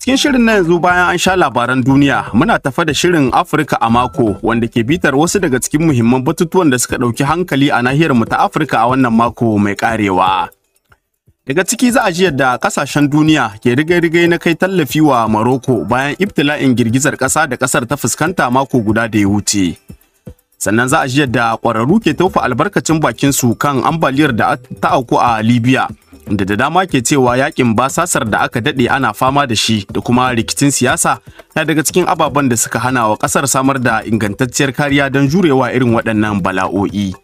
cikin shirin na yanzu bayan an sha labaran duniya muna tafa da shirin Afirka a mako wanda ke bitar wasu daga cikin muhimman batutuwan da suka ɗauki hankali a nahiyar mu ta Afirka a wannan mako mai karewa. Daga ciki za a ji yadda kasashen duniya ke rigai-rigai na kai tallafi wa Maroko bayan ibtila'in girgizar ƙasa da ƙasar ta fuskanta mako guda da ya wuce. sannan za a ji yadda kwararru ke tofa albarkacin bakin su kan ambaliyar da ta auku a libya da da dama ke cewa yakin basasar da aka daɗe ana fama da shi da kuma rikicin siyasa na daga cikin ababen da suka hana wa ƙasar samar da ingantacciyar kariya don jurewa irin waɗannan bala'o'i.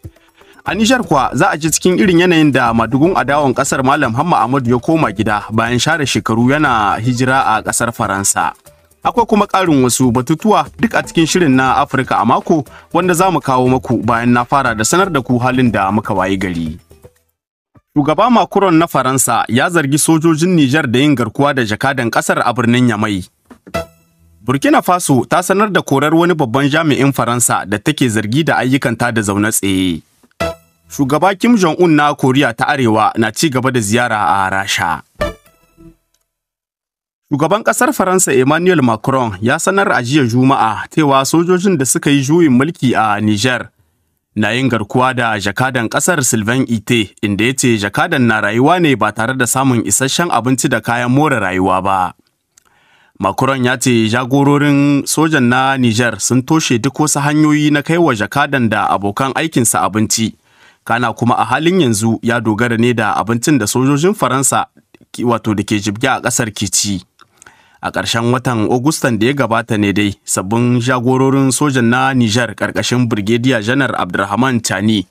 A Nijar kuwa za a ji cikin irin yanayin da madugun adawan ƙasar Malam Hamma Ahmadu ya koma gida bayan share shekaru yana hijira a ƙasar Faransa. akwai kuma ƙarin wasu batutuwa duk a cikin shirin na Afirka a mako wanda za mu kawo maku bayan na fara da sanar da ku halin da muka wayi gari. Shugaba Macron na Faransa ya zargi sojojin Nijar da yin garkuwa da jakadan ƙasar a birnin Yamai. Burkina Faso ta sanar da korar wani babban jami'in Faransa da take zargi da ayyukan ta da zaune tsaye. Shugaba Kim Jong-un na Koriya ta Arewa na ci gaba da ziyara a Rasha. Shugaban ƙasar Faransa Emmanuel Macron ya sanar a jiya Juma'a cewa sojojin da suka yi juyin mulki a Niger na yin garkuwa da jakadan ƙasar Sylvain Ite inda ya ce jakadan na rayuwa ne ba tare da samun isasshen abinci da kayan more rayuwa ba. Macron ya ce jagororin sojan na Niger sun toshe duk wasu hanyoyi na kai wa jakadan da abokan aikinsa abinci. Kana kuma a halin yanzu ya dogara ne da abincin da sojojin Faransa wato da ke jibge a ƙasar Kici. a ƙarshen watan Agustan da ya gabata ne dai sabbin jagororin sojan na Nijar ƙarƙashin Birgediya Janar Abdulrahman Tani.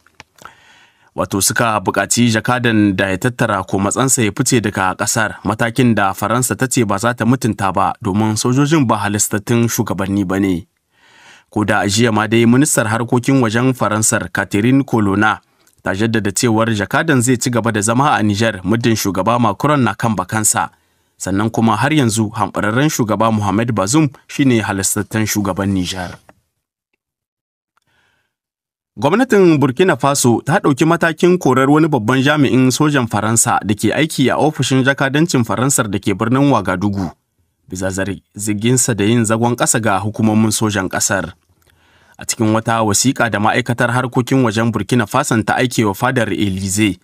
Wato suka buƙaci jakadan da ya tattara ko matsansa ya fice daga ƙasar matakin da Faransa ta ce ba za ta mutunta ba domin sojojin ba halistattun shugabanni ba ne. Ko da jiya ma dai ministar harkokin wajen Faransar Catherine Colonna ta jaddada cewar jakadan zai ci gaba da zama a Nijar muddin shugaba Macron na kan bakansa. sannan kuma har yanzu hamɓararren shugaba Muhammad Bazoum shine halastattan shugaban Nijar. Gwamnatin Burkina Faso ta ɗauki matakin korar wani babban jami'in sojan Faransa da ke aiki a ofishin jakadancin Faransar da ke birnin Wagadugu, bisa zarginsa da yin zagon ƙasa ga hukumomin sojan ƙasar. A cikin wata wasiƙa da ma'aikatar harkokin wajen Burkina Faso ta aike wa fadar Elize,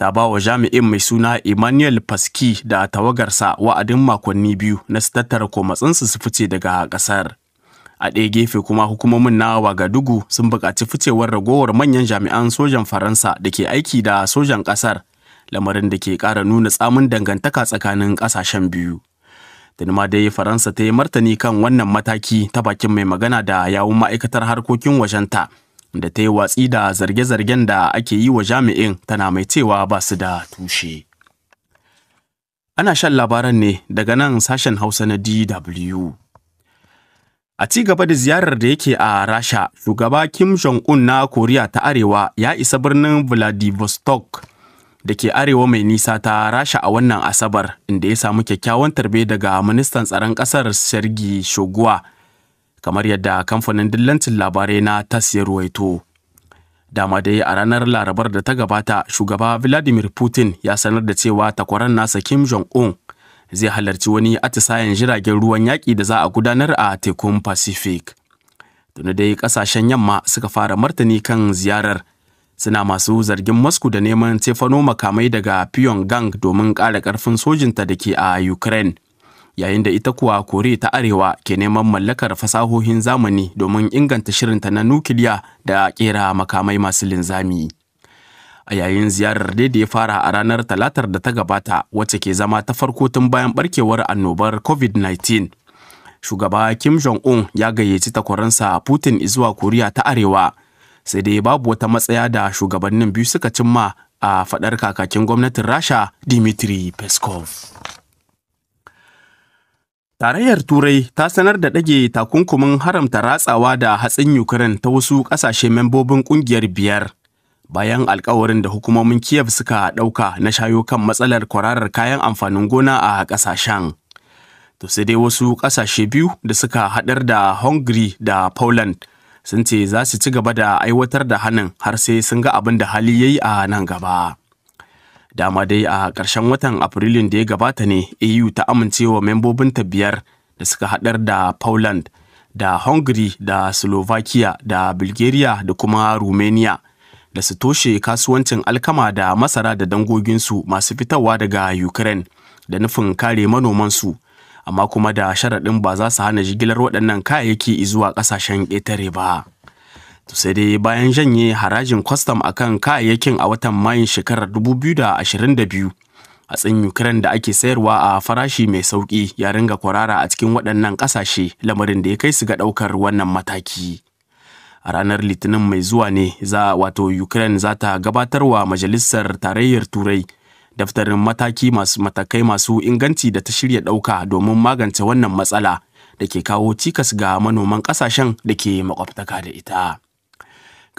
ta ba wa jami'in mai suna Emmanuel Faski da tawagarsa wa'adin makonni biyu na su tattara komatsinsu su fice daga ƙasar. A ɗaya gefe kuma hukumomin na Wagadugu sun buƙaci ficewar ragowar manyan jami'an sojan Faransa da ke aiki da sojan ƙasar, lamarin da ke ƙara nuna tsamin dangantaka tsakanin ƙasashen biyu. ma dai Faransa ta yi martani kan wannan mataki ta bakin mai magana da yawun ma'aikatar harkokin wajenta. da ta yi watsi da zarge-zargen da ake yi wa jami'in tana mai cewa ba su da tushe. Ana shan labaran ne daga nan sashen Hausa na DW. A ci gaba da ziyarar da yake a Rasha, shugaba Kim Jong-un na Koriya ta Arewa ya isa birnin Vladivostok da ke arewa mai nisa ta Rasha a wannan Asabar, inda ya samu kyakkyawan tarbe daga ministan tsaron ƙasar Sergi Shoguwa. kamar yadda kamfanin dillancin labarai na ta ya ruwaito. Dama dai a ranar Larabar da ta gabata, shugaba Vladimir Putin ya sanar da cewa takwaran nasa Kim Jong-un zai halarci wani atisayen jiragen ruwan yaƙi da za a gudanar a tekun Pacific. Tuni dai ƙasashen yamma suka fara martani kan ziyarar suna masu zargin Moscow da neman tefano makamai daga Pyongyang domin ƙara ƙarfin sojinta da ke a Ukraine. yayin da ita kuwa koriya ta arewa ke neman mallakar fasahohin zamani domin inganta shirinta na nukiliya da kera makamai masu linzami a yayin ziyarar da ya fara a ranar talatar da ta gabata wacce ke zama ta farko tun bayan barkewar annobar covid-19 shugaba kim jong-un ya gayyaci takwaransa putin zuwa koriya ta arewa sai dai babu wata matsaya da shugabannin biyu suka cimma a faɗar kakakin gwamnatin rasha dimitri peskov Tarayyar Turai ta sanar da ɗage takunkumin haramta ratsawa da hatsin Ukraine ta wasu ƙasashe membobin ƙungiyar biyar. Bayan alkawarin da hukumomin Kiev suka ɗauka na shayo kan matsalar kwararar kayan amfanin gona a ƙasashen. To sai dai wasu ƙasashe biyu da suka haɗar da Hungary da Poland sun ce za su ci gaba da aiwatar da hanin har sai sun ga abin da hali ya yi a nan gaba. Dama dai a ƙarshen watan Afrilun da ya gabata ne EU ta amincewa membobinta biyar da suka haɗar da Poland da Hungary da Slovakia da Bulgaria da kuma Romania da su toshe kasuwancin alkama da masara da dangoginsu masu fitowa daga Ukraine da nufin kare manomansu. amma kuma da sharaɗin ba za su hana jigilar waɗannan kayayyaki zuwa ƙasashen ƙetare ba. To sai dai bayan janye harajin kwastam a kan kayayyakin a watan Mayun shekarar 2022, hatsin Ukraine da ake sayarwa a farashi mai sauki ya ringa kwarara a cikin waɗannan ƙasashe lamarin da ya kai su ga ɗaukar wannan mataki. A ranar Litinin mai zuwa ne za wato Ukraine za ta gabatar wa Majalisar Tarayyar Turai daftarin mataki masu matakai masu inganci da ta shirya ɗauka domin magance wannan matsala da ke kawo cikas ga manoman ƙasashen da ke makwabtaka da ita.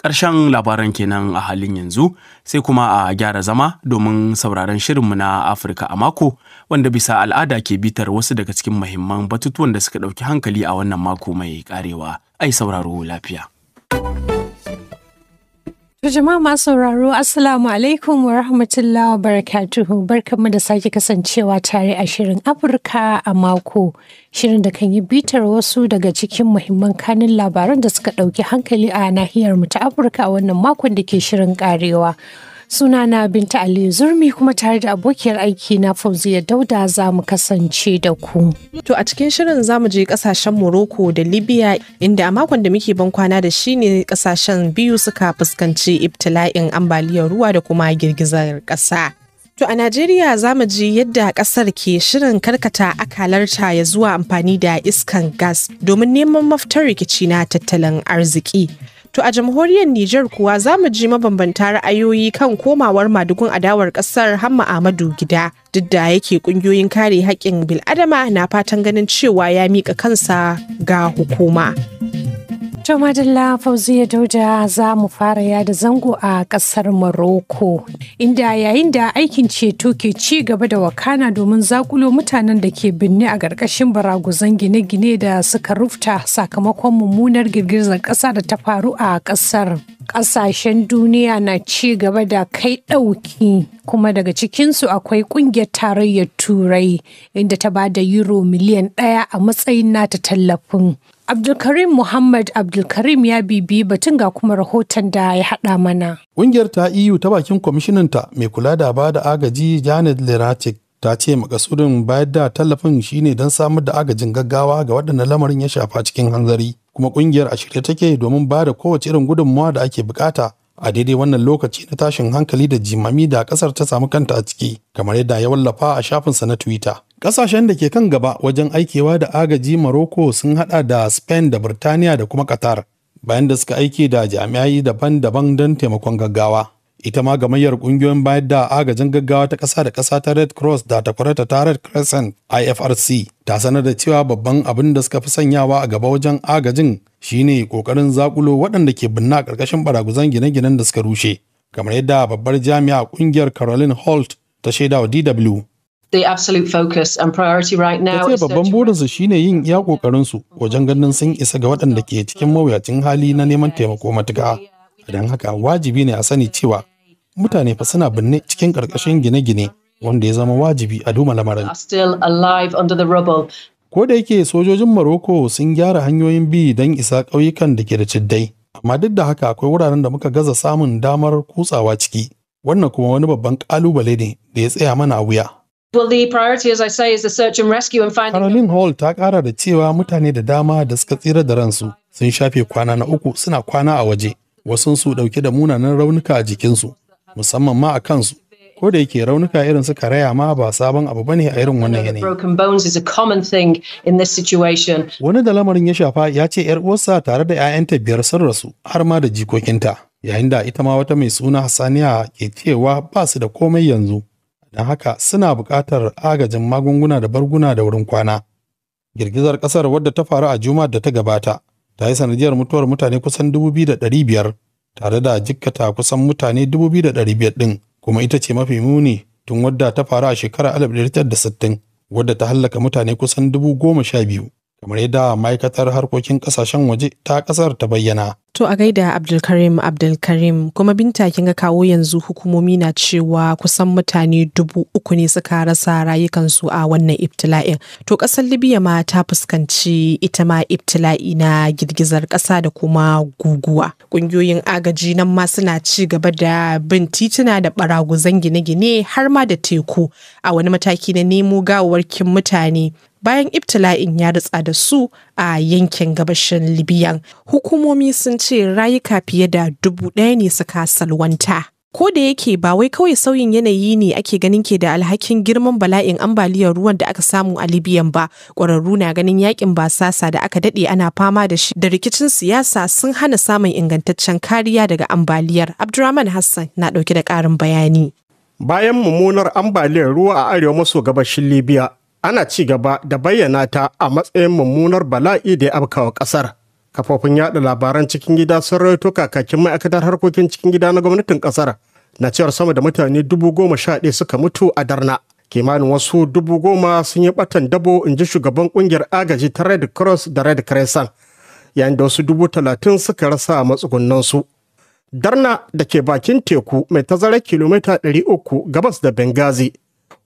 Ƙarshen labaran kenan a halin yanzu sai kuma a gyara zama domin sauraron shirinmu na Afirka a mako wanda bisa al'ada ke bitar wasu daga cikin muhimman batutuwan da suka ɗauki hankali a wannan mako mai ƙarewa. Ai sauraro lafiya. To jama'a ma sauraro Assalamu alaikum wa rahmatullahi wa barakatuhu barkanmu da sake kasancewa tare a shirin Afirka a mako shirin da kan yi bitar wasu daga cikin muhimman kanun labaran da suka ɗauki hankali a nahiyar mu ta Afirka a wannan makon da ke shirin karewa. Sunana Binta Aliyu Zurmi kuma tare da abokiyar aiki na ya Dauda za mu kasance da ku. To a cikin shirin za mu je kasashen Morocco da Libya inda a makon da muke ban kwana da shi ne kasashen biyu suka fuskanci ibtila'in ambaliyar ruwa da kuma girgizar ƙasa. To a Najeriya za mu ji yadda ƙasar ke shirin karkata akalarta ya zuwa amfani da iskan gas domin neman mafitar rikici na tattalin arziki. To a jamhuriyar Nijar kuwa za mu ji mabambanta ra'ayoyi kan komawar madugun adawar kasar Hamma Ahmadu gida duk da yake kungiyoyin kare haƙƙin bil'adama na fatan ganin cewa ya miƙa kansa ga hukuma. To Madalla Fauziya Dauda za mu fara yada zango a ƙasar Morocco, inda yayin da aikin ceto ke ci gaba da wakana domin zakulo mutanen da ke binne a ƙarƙashin baraguzan gine-gine da suka rufta sakamakon mummunar girgizar ƙasa da ta faru a ƙasar. Ƙasashen duniya na ci gaba da kai ɗauki kuma daga cikinsu akwai ƙungiyar tarayyar Turai inda ta ba da euro miliyan ɗaya a matsayin nata tallafin. Abdulkarim Muhammad Abdulkarim ya bibi batun ga kuma rahoton da ya haɗa mana. Ƙungiyar ta EU ta bakin kwamishinanta mai kula da ba da agaji Janet Leratic ta ce makasudin bayar da tallafin shine don samar da agajin gaggawa ga waɗanda lamarin ya shafa cikin hanzari. Kuma ƙungiyar a shirye take domin ba da kowace irin gudunmawa da ake bukata a daidai wannan lokaci na tashin hankali da jimami da kasar ta samu kanta a ciki kamar yadda ya wallafa a shafinsa na twitter kasashen da ke kan gaba wajen aikewa da agaji maroko sun hada da spain da birtaniya da kuma qatar bayan da suka aike da jami'ai daban-daban don taimakon gaggawa ita ma gamayyar kungiyoyin bayar da agajin gaggawa ta ƙasa da ƙasa ta red cross da takwarata ta red crescent ifrc ta sanar da cewa babban abin da suka fi sanyawa a gaba wajen agajin shine kokarin zakulo waɗanda ke binna a ƙarƙashin baraguzan gine-ginen da suka rushe kamar yadda babbar jami'a ƙungiyar Caroline Holt ta shaida wa DW the absolute focus and priority right now is babban burinsu shine yin iya kokarin su wajen ganin sun isa ga waɗanda ke cikin mawuyacin hali na neman taimako matuƙa. Don haka wajibi ne a sani cewa mutane fa suna binne cikin ƙarƙashin gine-gine wanda ya zama wajibi a duma lamarin. Ko da yake sojojin Morocco sun gyara hanyoyin bi don isa ƙauyukan da ke da ciddai, amma duk da haka akwai wuraren da muka gaza samun damar kutsawa ciki. Wannan kuma wani babban ƙalubale ne da ya tsaya mana a wuya. Caroline Hall ta ƙara da cewa mutane da dama da suka tsira da ransu sun shafe kwana na uku suna kwana a waje, wasu su dauke da munanan raunuka a jikinsu, musamman ma a kansu, ko da yake raunuka irin su karaya ma ba sabon abu bane a irin wannan yanayi. Wani da lamarin ya shafa ya ce ‘yar uwarsa tare da ‘ya'yanta biyar sun rasu har ma da jikokinta, yayin da ita ma wata mai suna Hassaniya ke cewa ba su da komai yanzu, don haka suna buƙatar agajin magunguna da barguna da wurin kwana. Girgizar ƙasar wadda ta faru a Juma'a da ta gabata ta yi sanadiyar mutuwar mutane kusan biyar, tare da jikkata kusan mutane 2,500 ɗin. kuma ita ce mafi muni tun wadda ta faru a shekarar 1960 wadda ta hallaka mutane kusan dubu kamar yadda ma'aikatar harkokin kasashen waje ta kasar ta bayyana. To a gaida Abdulkarim Abdulkarim kuma binta kin ga kawo yanzu hukumomi na cewa kusan mutane dubu uku ne suka rasa rayukansu a wannan ibtila'in. To ƙasar Libya ma ta fuskanci ita ma ibtila'i na girgizar ƙasa da kuma guguwa. Ƙungiyoyin agaji nan ma suna ci gaba da bin tituna da baraguzan gine-gine har ma da teku a wani mataki na nemo gawarkin mutane bayan ibtila'in ya ritsa da su a yankin gabashin libyan hukumomi sun ce rayuka fiye da dubu ɗaya ne suka salwanta ko da yake ba wai kawai sauyin yanayi ne ake ganin ke da alhakin girman bala'in ambaliyar ruwan da aka samu a libyan ba ƙwararru na ganin yakin basasa da aka daɗe ana fama da shi da rikicin siyasa sun hana samun ingantaccen kariya daga ambaliyar abdurrahman hassan na ɗauke da ƙarin bayani bayan mummunar ambaliyar ruwa a arewa maso gabashin libya ana ci gaba da bayyana ta a matsayin mummunar bala'i da ya afkawa ƙasar. Kafofin yada labaran cikin gida sun rawaito kakakin ma'aikatar harkokin cikin gida na gwamnatin ƙasar na cewar sama da mutane dubu goma sha ɗaya suka mutu a Darna. Kimanin wasu dubu goma sun yi ɓatan dabo in ji shugaban ƙungiyar agaji ta Red Cross da Red Crescent yayin da wasu dubu talatin suka rasa matsugunansu. Darna da ke bakin teku mai tazarar kilomita ɗari uku: gabas da Benghazi.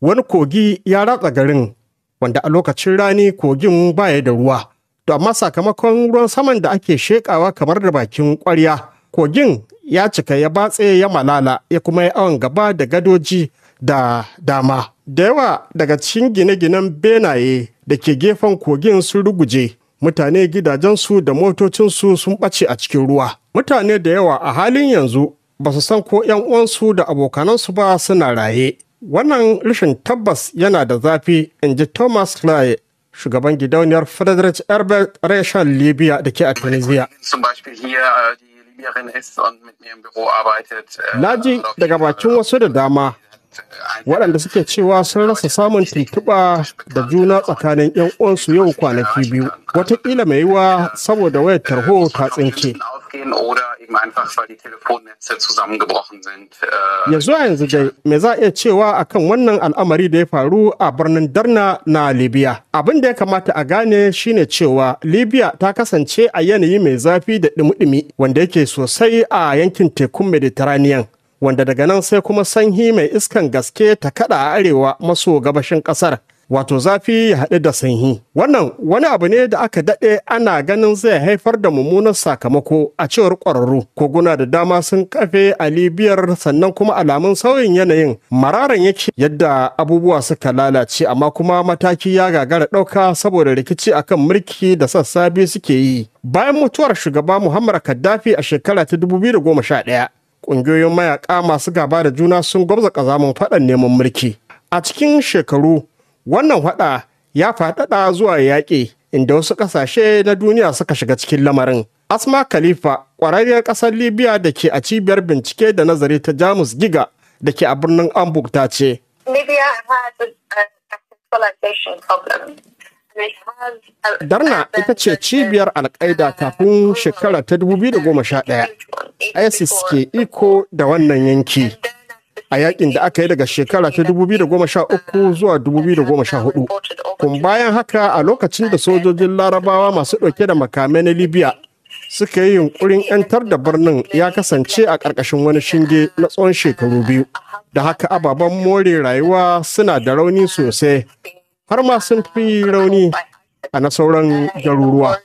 Wani kogi ya ratsa garin wanda a lokacin rani kogin baya da ruwa to amma sakamakon ruwan saman da ake shekawa kamar da bakin kwarya kogin ya cika ya batse ya malala ya kuma ya awon gaba da gadoji da dama da yawa daga cikin gine-ginen benaye da ke gefen kogin sun ruguje mutane gidajensu da motocinsu sun ɓace a cikin ruwa mutane da yawa a halin yanzu ba su san ko 'yan uwansu da abokanansu ba suna raye Wannan rashin tabbas yana da zafi, in ji Thomas Clay, shugaban gidauniyar Frederick Herbert reshen Libya da ke a Tunisia. Äh, äh, Naji daga bakin äh, wasu da dama waɗanda suke cewa sun rasa samun tuntuɓa da juna tsakanin 'yan uwansu yau kwanaki biyu, wataƙila mai yiwa saboda wayar tarho ta tsinke. gehen oder eben einfach, weil die Telefonnetze zusammengebrochen sind. Äh, yanzu dai, me za a iya cewa akan wannan al'amari da ya faru a birnin Darna na Libya? Abin da ya kamata a gane shine cewa Libya ta kasance a yanayi mai zafi da ɗumi-ɗumi wanda yake sosai a yankin tekun Mediterranean. Wanda daga nan sai kuma sanyi mai iskan gaske ta kada a arewa maso gabashin ƙasar. wato zafi ya haɗu da sanyi. Wannan wani abu ne da aka daɗe ana ganin zai haifar da mummunan sakamako a cewar ƙwararru. Koguna da dama sun kafe a Libiyar sannan kuma alamun sauyin yanayin mararan yake yadda abubuwa suka lalace amma kuma mataki ya gagara ɗauka saboda rikici akan mulki da sassa biyu suke yi. Bayan mutuwar shugaba Muhammad Kaddafi a shekara ta 2011, ƙungiyoyin mayaƙa masu gaba da juna sun gwabza ƙazamin faɗan neman mulki. A cikin shekaru wannan haɗa ya faɗaɗa zuwa yaƙi inda wasu ƙasashe na duniya suka shiga cikin lamarin asma khalifa ƙwararriyar ƙasar libya da ke a cibiyar bincike da nazari ta jamus giga da ke a birnin hamburg ta ce Darna ita ce cibiyar alƙa'ida uh, kafin shekara ta 2011 ISIS ke iko da wannan yanki. Uh, a yakin da aka yi daga shekara ta 2013 zuwa 2014 kun bayan haka a lokacin da sojojin larabawa masu ɗauke da makamai na libya suka yi yunkurin 'yantar da birnin ya kasance a ƙarƙashin wani shinge na tsawon shekaru biyu da haka ababen more rayuwa suna da rauni sosai har ma sun fi rauni a na sauran garuruwa.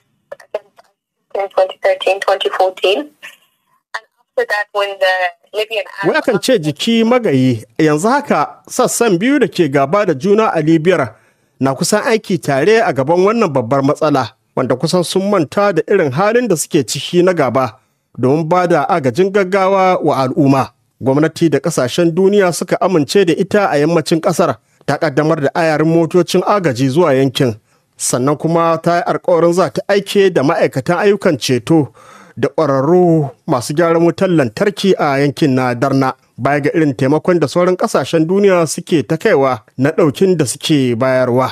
Wai kan ce jiki magayi yanzu haka sassan biyu da ke gaba da juna a Libya na kusan aiki tare a gaban wannan babbar matsala wanda kusan sun manta da irin halin da suke ciki na gaba domin ba da agajin gaggawa wa al'umma. Gwamnati da kasashen duniya suka amince da ita a yammacin kasar ta kaddamar da ayarin motocin agaji zuwa yankin sannan kuma ta yi alkawarin za ta aike da ma'aikatan ayyukan ceto da ƙwararru masu gyaran wutar lantarki a yankin na darna baya ga irin taimakon da sauran ƙasashen duniya suke ta kaiwa na ɗaukin da suke bayarwa.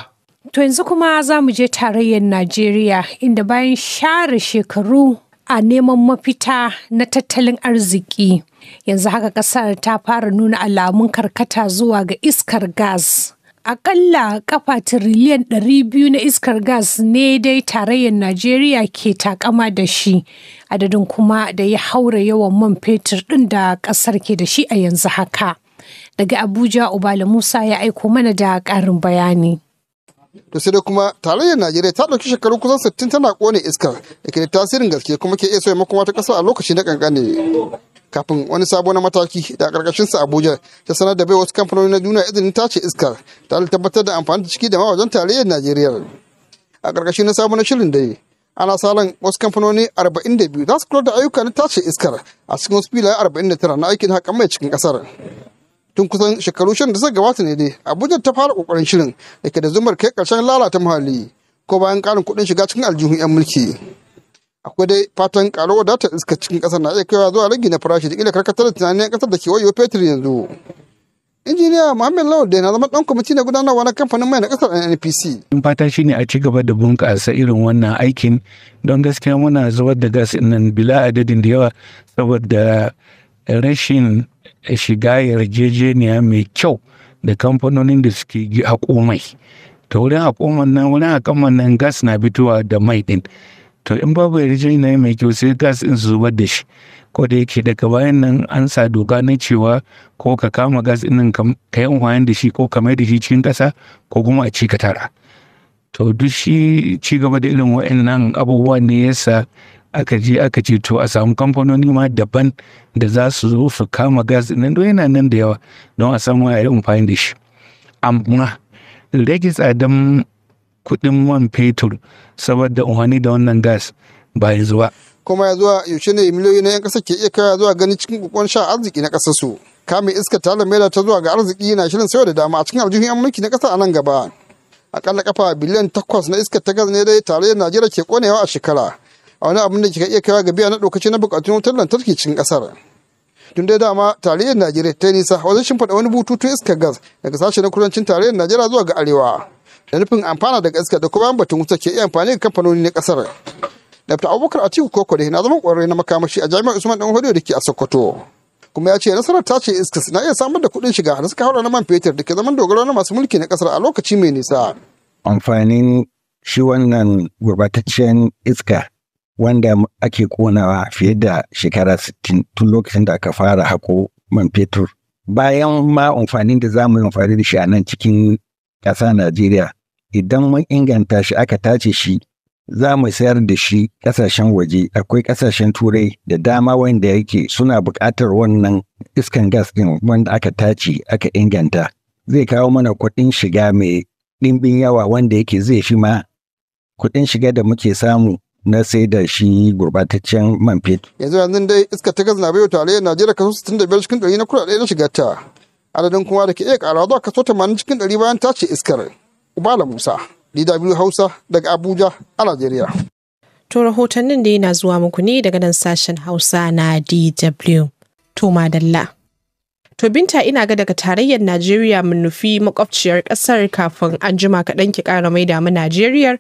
To yanzu kuma za mu je tarayyar Najeriya inda bayan share shekaru a neman mafita na tattalin arziki yanzu haka ƙasar ta fara nuna alamun karkata zuwa ga iskar gas. akalla kafa tiriliyan 200 na iskar gas ne dai tarayyar Najeriya ke takama da shi, adadin kuma da ya haura yawan man fetur ɗin da ƙasar ke da shi a yanzu haka. Daga Abuja, Ubala Musa ya aiko mana da ƙarin bayani. to sai dai kuma tarayyar najeriya ta ɗauki shekaru kusan 60 tana kone iskar da ke tasirin gaske kuma ke iya soya makoma ta ƙasa a lokaci na kankane. kafin wani sabon mataki da sa abuja ta sanar da bai wasu kamfanoni na duniya izinin tace iskar ta tabbatar da amfani da ciki da mawajen tarayyar najeriya a karkashin na sabon shirin da ana salon wasu kamfanoni 42 za su kula da ayyuka na tace iskar a cikin wasu filaye 49 na aikin haƙan mai cikin ƙasar tun kusan shekaru shan da suka gabata ne dai abuja ta fara kokarin shirin da ke da zumar kai karshen lalata muhalli ko bayan ƙarin kuɗin shiga cikin aljihun 'yan mulki akwai dai fatan karuwar ta iska cikin kasar na iya kaiwa zuwa rage na farashi da ila karkatar da tunanin kasar da ke wayo fetur yanzu injiniya muhammed lawal da na zama dan kwamiti na gudanarwa na kamfanin mai na kasar nnpc in fata ne a ci gaba da bunƙasa irin wannan aikin don gaskiya muna zubar da gas nan bila adadin da yawa saboda rashin shiga yarjejeniya mai kyau da kamfanonin da suke haƙo mai ta wurin haƙo nan wurin nan gas na fitowa da mai din to in babu yarjejeniya mai kyau sai gas in su zubar da shi ko da yake daga bayan nan an sa doka na cewa ko ka kama gas ɗin ka yi amfani da shi ko ka mai da shi cikin ƙasa ko kuma a ci ka tara to duk shi ci gaba da irin waɗannan abubuwa ne yasa aka je aka ce to a samu kamfanoni ma daban da za su zo su kama gas nan yana nan da yawa don a samu a yi amfani da shi amma rage tsadan kuɗin man fetur saboda umarni da wannan gas ba yanzu kuma ya zuwa yaushe ne miliyoyi na 'yan ƙasa ke iya kaya zuwa gani cikin kukon sha arziki na ƙasar su iska ta lamela ta zuwa ga arziki na shirin sayo da dama a cikin aljihun 'yan mulki na ƙasa a nan gaba akalla kafa biliyan takwas na iska ta gas ne dai tare da najeriya ke konewa a shekara a wani abin da ke iya kaya ga biya na ɗaukaci na buƙatun wutar lantarki cikin kasar tun dai dama tarayyar najeriya ta yi nisa wajen shimfiɗa wani bututun iska gas daga sashe na kudancin tarayyar najeriya zuwa ga arewa da nufin amfana daga iska da kuma batun wuta ke iya amfani da kamfanoni na kasar Dr. Abubakar Atiku Kokore na zaman ƙwararre na makamashi a Jami'ar Usman Dan Hodiyo da ke a Sokoto. Kuma ya ce nasarar ta ce iska na iya samar da kuɗin shiga da suka haura na man fetur da ke zaman dogaro na masu mulki na kasar a lokaci mai nisa. Amfanin shi wannan gurbataccen iska wanda ake konawa fiye da shekara sittin tun lokacin da aka fara hako man fetur. Bayan ma amfanin da za mu yi amfani da shi a nan cikin ƙasa Najeriya idan mun inganta shi aka tace shi za mu sayar da shi ƙasashen waje akwai ƙasashen turai da dama wanda yake suna buƙatar wannan iskan gas ɗin wanda aka tace aka inganta zai kawo mana kuɗin shiga mai ɗimbin yawa wanda yake zai fi ma kuɗin shiga da muke samu na sai da shi gurbataccen man fetur. yanzu yanzu dai iska ta gaza na baiwa tarayyar najeriya kaso biyar cikin ɗari na kuɗaɗe na shiga ta adadin kuma da ke iya ƙarawa zuwa kaso tamanin cikin ɗari bayan tace iskar. Ubala Musa, DW Hausa daga Abuja a Najeriya. To rahoton nan da yana zuwa muku ne daga nan sashen Hausa na DW. To madalla. To binta ina ga daga tarayyar Najeriya mun nufi makwabciyar ƙasar kafin an jima kaɗan ki ƙara mai damu Najeriyar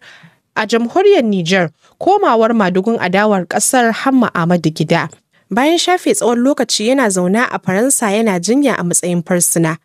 a jamhuriyar Nijar komawar madugun adawar ƙasar Hamma Ahmadu Gida. Bayan shafe tsawon lokaci yana zauna a Faransa yana jinya a matsayin farsuna.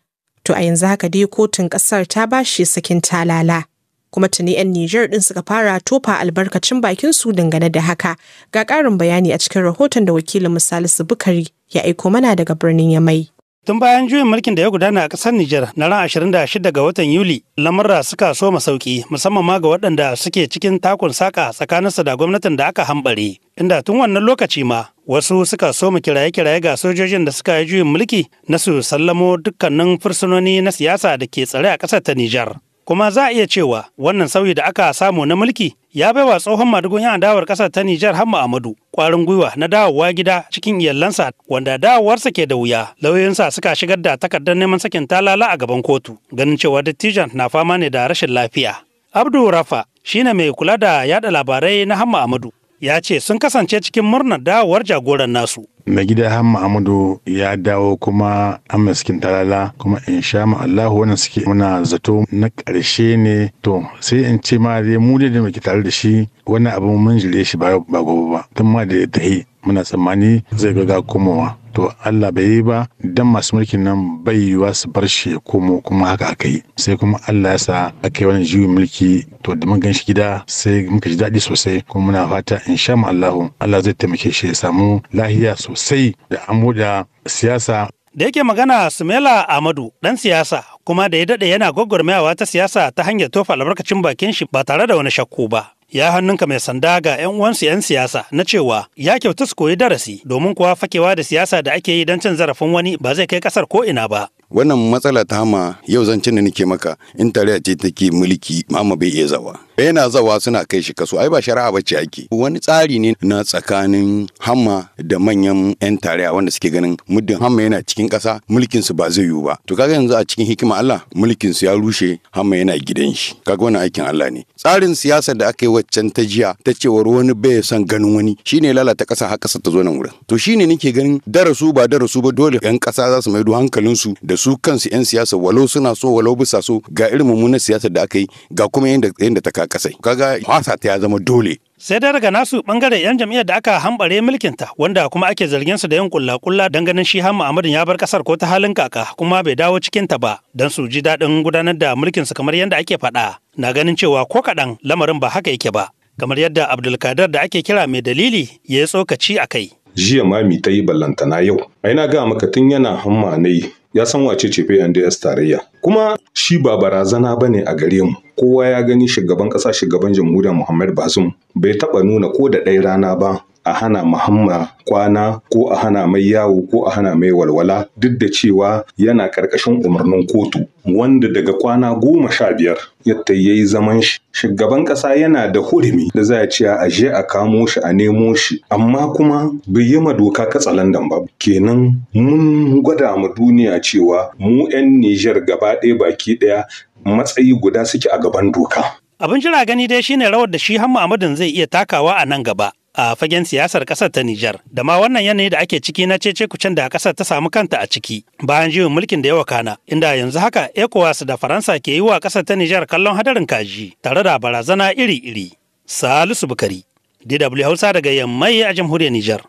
To a yanzu haka dai kotun ƙasar ta ba shi sakin talala. Kuma tuni 'yan Nijar ɗin suka fara tofa albarkacin bakin su dangane da haka. Ga ƙarin bayani a cikin rahoton da wakilin Salisu Bukari ya aiko mana daga birnin Yamai. Tun bayan juyin mulkin da ya gudana a ƙasar Nijar na ran 26 ga watan Yuli, lamurra suka so masauki musamman ma ga waɗanda suke cikin takun saƙa tsakaninsu da gwamnatin da aka hambare. Inda tun wannan lokaci ma wasu suka so mu kiraye-kiraye ga sojojin da suka yi juyin mulki na su sallamo dukkanin fursunoni na siyasa da ke tsare a ƙasar ta Nijar. kuma za a iya cewa wannan sauyi da aka samu na mulki ya baiwa tsohon madugun yan adawar kasar ta Nijar Hamma Amadu kwarin gwiwa na dawowa gida cikin iyalansa wanda dawowarsa ke da wuya lauyoyinsa suka shigar da takardar neman sakin talala a gaban kotu ganin cewa dattijan na fama ne da rashin lafiya Abdu Rafa shine mai kula da yada labarai na Hamma Amadu ya ce sun kasance cikin murnar dawowar jagoran nasu. mai gida han Muhammadu ya dawo kuma an miskin talala kuma in sha ma Allahu wannan suke muna zato na ƙarshe ne to sai in ce ma dai mu da muke tare da shi wannan abu mun jire shi ba gobe ba tun ma da ya tahi muna tsammani zai ga komowa to Allah bai yi ba dan masu mulkin nan bai yiwa su bar shi komo kuma haka aka yi sai kuma Allah ya sa aka yi wani juyin mulki to da mun ganshi gida sai muka ji daɗi sosai kuma muna fata insha Allah Allah zai taimake shi ya samu lahiya sosai da amo da siyasa da yake magana Sumela Amadu dan siyasa kuma da ya daɗe yana gwagwarmayawa ta siyasa ta hanyar tofa albarkacin bakin shi ba tare da wani shakku ba ya hannunka mai sanda ga 'yan uwansu 'yan siyasa na cewa ya kyauta su koyi darasi domin kuwa fakewa da siyasa da ake yi don cin zarafin wani ba zai kai kasar ko ina ba. Wannan matsala ta hama yau zan zancen da nake maka in tare a ce take mulki mama bai iya zawa. yana zawa suna kai shi kaso ai ba shari'a bace ake wani tsari ne na tsakanin hamma da manyan yan tarayya wanda suke ganin muddin hamma yana cikin kasa mulkin su ba zai yiwu ba to kaga yanzu a cikin hikima Allah mulkin su ya rushe hamma yana gidan shi kaga wannan aikin Allah ne tsarin siyasa da aka yi waccan ta jiya ta cewar wani bai son ganin wani shine lalata kasa har kasa ta zo nan wurin to shine nake ganin darasu ba darasu ba dole yan kasa za su maido su da su kansu yan siyasa walau suna so walau bisa so ga irin mummunar siyasar da aka yi ga kuma yanda ta kasai kaga ya zama dole sai dai daga nasu bangare yan jam'iyyar da aka hambare mulkinta wanda kuma ake zargin su da yin kulla-kulla don ganin shi har Muhammadu ya bar kasar ko ta halin kaka kuma bai dawo cikin ta ba dan su ji daɗin gudanar da mulkin su kamar yadda ake faɗa na ganin cewa ko kaɗan lamarin ba haka yake ba kamar yadda abdulkadir da ake kira mai dalili ya yi tsokaci a kai jiya ma mi ta yi ballantana yau A ina ga maka tun yana hamma yi? ya san wace ce PNDS tarayya kuma shi ba barazana ba ne a gare mu kowa ya gani shugaban ƙasa shugaban jamhuriya Muhammadu bazum bai taɓa nuna ko da ɗaya rana ba a hana muhamma kwana ko a hana mai yawo ko a hana mai walwala duk da cewa yana karkashin umarnin kotu wanda daga kwana goma sha biyar yadda ya yi zaman shi shugaban ƙasa yana da hurumi da za a ce a je a kamo shi a nemo shi amma kuma bai yi doka katsalandan ba kenan mun gwada ma duniya cewa mu 'yan Nijar gaba ɗaya baki ɗaya matsayi guda suke a gaban doka. Abin jira gani dai shine rawar da shi Hamma amadin zai iya takawa a nan gaba. a fagen siyasar kasar ta Nijar da ma wannan yanayi da ake ciki na cece kucin da kasar ta samu kanta a ciki bayan jiwon mulkin da ya wakana inda yanzu haka ECOWAS da Faransa ke yi wa kasar ta Nijar kallon hadarin kaji tare da barazana iri-iri. Salisu Bukari, DW Hausa daga Yammai a jamhuriyar Nijar.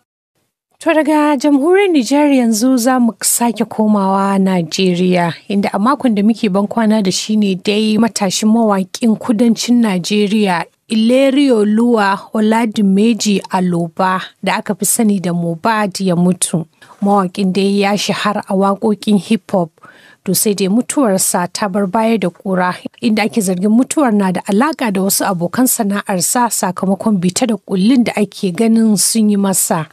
To daga jamhuriyar Nijar yanzu za mu sake komawa Najeriya inda a makon da muke ban kwana da shi ne dai matashin mawaƙin kudancin Najeriya Ileriyo Luwa Oladimeji Aloba da aka fi sani da Mohbad ya mutu. Mawaƙin dai ya shahara a waƙoƙin hip hop. To sai dai mutuwarsa ta bar baya da ƙura inda ake zargin mutuwar na da alaƙa da wasu abokan sana'arsa sakamakon bita da ƙullin da ake ganin sun yi masa.